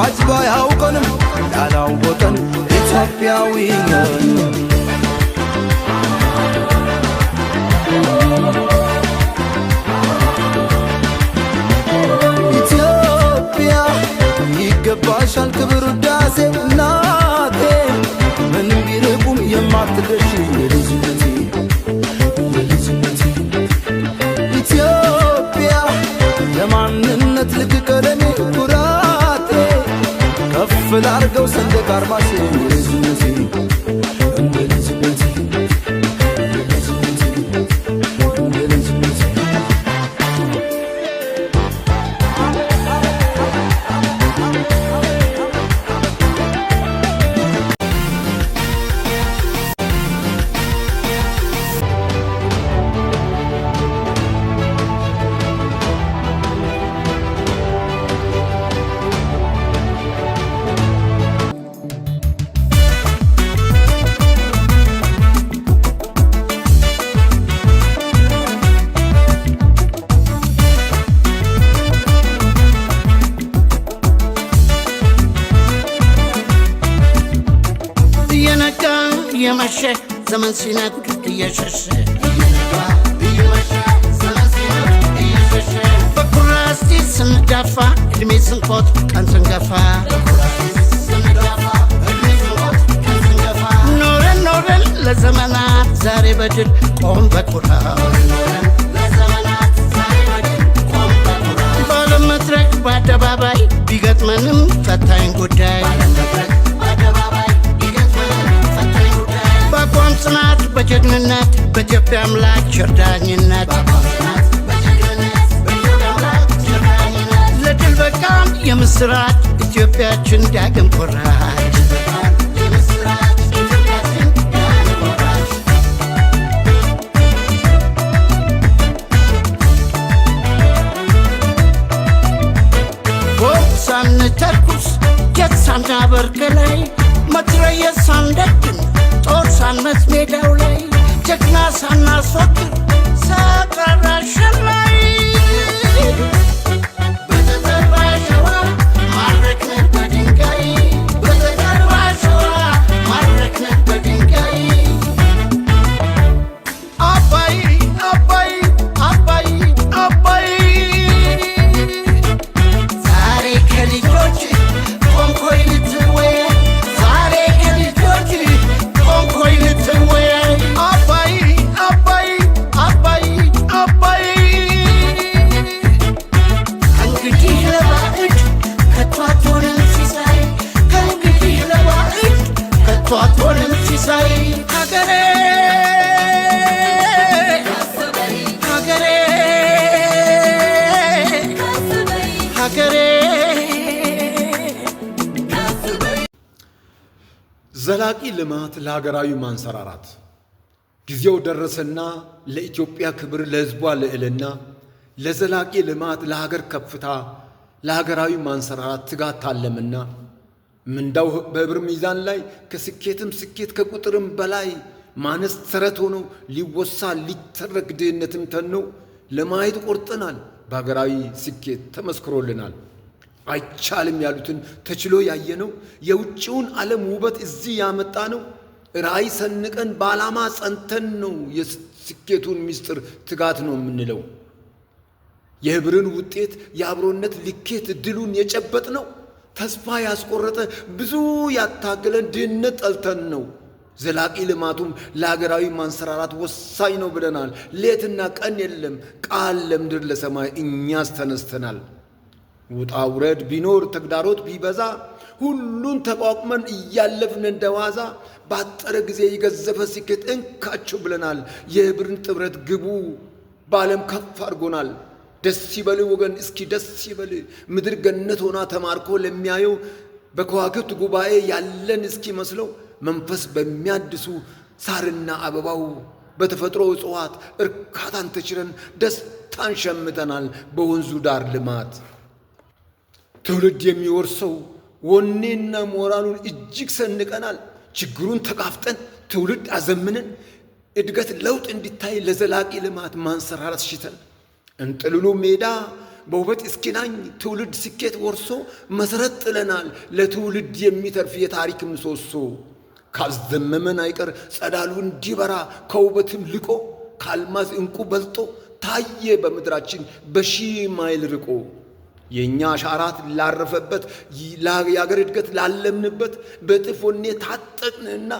ጣፋጭ ባያውቀንም ያላወቀን ኢትዮጵያዊ ነን። ኢትዮጵያ ይገባሻል ክብር ውዳሴ እናቴ ምን ቢርቁም የማትገሽኝ kurtarmasın ሲነጉድ እየሸሸ እየመሸ ስንዳፋ እድሜ ስንቆት ቀን ስንገፋ ኖረን ኖረን ለዘመናት ዛሬ በድል ቆም በኩራ ባለመድረክ በአደባባይ ቢገጥመንም ፈታኝ ጉዳይ በጀግንነት በኢትዮጵያ አምላክ ቸርዳኝነት ለድል በቃን የምስራች ኢትዮጵያችን ዳግም ኮራች። ሳንተኩስ ጀት ሳናበር ከላይ sana so cute. ዘላቂ ልማት ለሀገራዊ ማንሰራራት ጊዜው ደረሰና ለኢትዮጵያ ክብር፣ ለሕዝቧ ልዕልና፣ ለዘላቂ ልማት፣ ለሀገር ከፍታ፣ ለሀገራዊ ማንሰራራት ትጋት ታለምና ምንዳው በብር ሚዛን ላይ ከስኬትም ስኬት ከቁጥርም በላይ ማነስ ተረት ሆኖ ሊወሳ ሊተረክ ድህነትም ተኖ ለማየት ቆርጠናል። በሀገራዊ ስኬት ተመስክሮልናል። አይቻልም ያሉትን ተችሎ ያየ ነው። የውጭውን ዓለም ውበት እዚህ ያመጣ ነው። ራዕይ ሰንቀን በዓላማ ጸንተን ነው የስኬቱን ምስጢር ትጋት ነው የምንለው። የህብርን ውጤት የአብሮነት ልኬት ድሉን የጨበጥ ነው። ተስፋ ያስቆረጠ ብዙ ያታገለን ድህነት ጠልተን ነው። ዘላቂ ልማቱም ለሀገራዊ ማንሰራራት ወሳኝ ነው ብለናል። ሌትና ቀን የለም ቃል ለምድር ለሰማይ እኛስ ተነስተናል። ውጣ ውረድ ቢኖር ተግዳሮት ቢበዛ ሁሉን ተቋቁመን እያለፍን እንደዋዛ ባጠረ ጊዜ የገዘፈ ስኬት እንካችሁ ብለናል። የህብርን ጥብረት ግቡ በዓለም ከፍ አድርጎናል። ደስ ይበል ወገን፣ እስኪ ደስ ይበል ምድር ገነት ሆና ተማርኮ ለሚያየው በከዋክብት ጉባኤ ያለን እስኪ መስለው መንፈስ በሚያድሱ ሳርና አበባው በተፈጥሮ እጽዋት እርካታን ተችረን ደስታን ሸምተናል በወንዙ ዳር ልማት ትውልድ የሚወርሰው ወኔና ሞራሉን እጅግ ሰንቀናል። ችግሩን ተጋፍጠን ትውልድ አዘምንን እድገት ለውጥ እንዲታይ ለዘላቂ ልማት ማንሰራራት ሽተን እንጥልሉ ሜዳ በውበት እስኪናኝ ትውልድ ስኬት ወርሶ መሰረት ጥለናል። ለትውልድ የሚተርፍ የታሪክ ምሰሶ ካዘመመን አይቀር ጸዳሉ እንዲበራ ከውበትም ልቆ ከአልማዝ እንቁ በልጦ ታየ በምድራችን በሺህ ማይል ርቆ የእኛ አሻራት ላረፈበት የአገር እድገት ላለምንበት በጥፎኔ ታጠቅንና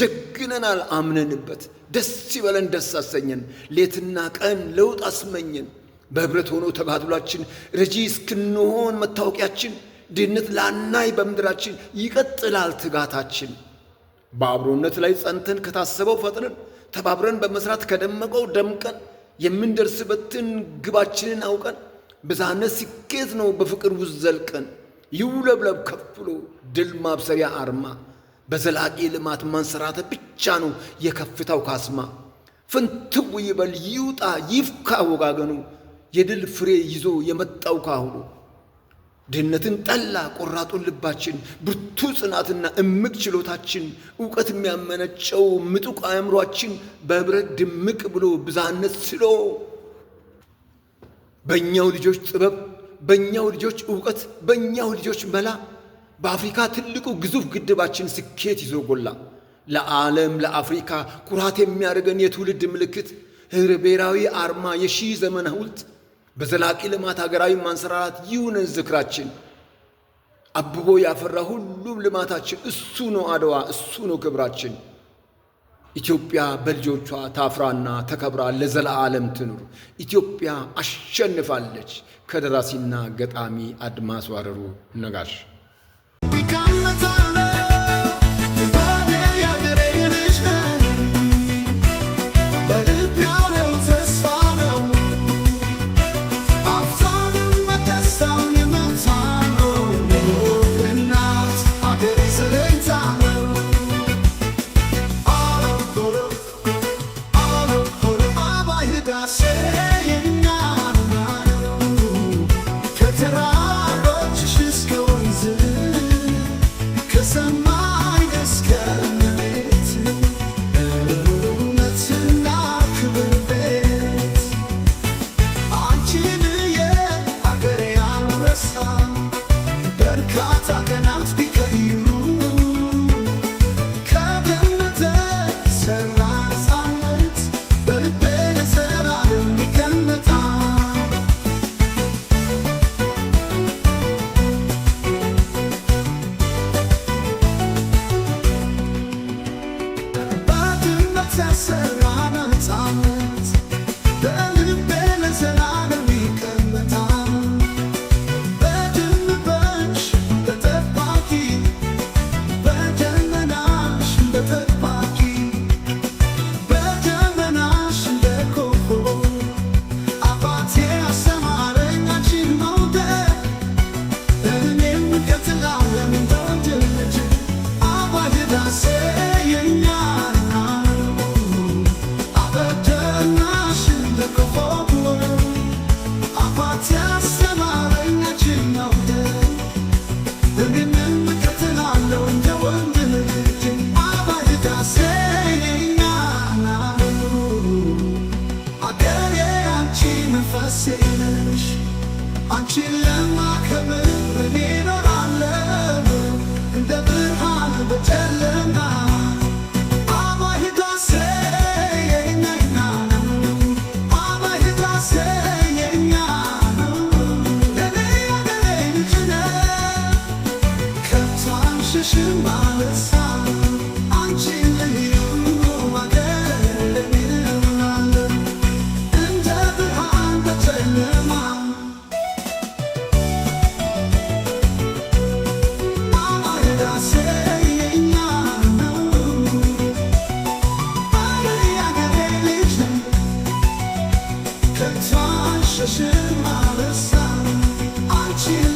ጀግነናል አምነንበት። ደስ ይበለን፣ ደስ አሰኘን፣ ሌትና ቀን ለውጥ አስመኘን። በህብረት ሆኖ ተባድሏችን ረጂ እስክንሆን መታወቂያችን ድህነት ላናይ በምድራችን ይቀጥላል ትጋታችን። በአብሮነት ላይ ጸንተን ከታሰበው ፈጥነን ተባብረን በመስራት ከደመቀው ደምቀን የምንደርስበትን ግባችንን አውቀን ብዝሃነት ስኬት ነው። በፍቅር ውስጥ ዘልቀን ይውለብለብ ከፍሎ ድል ማብሰሪያ አርማ በዘላቂ ልማት ማንሰራተ ብቻ ነው የከፍታው ካስማ። ፍንትው ይበል ይውጣ ይፍካ ወጋገኑ የድል ፍሬ ይዞ የመጣው ካሁሉ። ድህነትን ጠላ ቆራጡን ልባችን ብርቱ ጽናትና እምቅ ችሎታችን እውቀት የሚያመነጨው ምጡቅ አእምሯችን በህብረት ድምቅ ብሎ ብዝሃነት ስሎ በእኛው ልጆች ጥበብ፣ በእኛው ልጆች እውቀት፣ በእኛው ልጆች መላ በአፍሪካ ትልቁ ግዙፍ ግድባችን ስኬት ይዞ ጎላ። ለዓለም ለአፍሪካ ኩራት የሚያደርገን የትውልድ ምልክት ህብረ ብሔራዊ አርማ የሺህ ዘመን ሐውልት በዘላቂ ልማት ሀገራዊ ማንሰራራት ይሁነን ዝክራችን። አብቦ ያፈራ ሁሉም ልማታችን እሱ ነው አድዋ፣ እሱ ነው ክብራችን። ኢትዮጵያ በልጆቿ ታፍራና ተከብራ ለዘላለም ትኑር። ኢትዮጵያ አሸንፋለች። ከደራሲና ገጣሚ አድማስ ዋረሩ ነጋሽ the town. you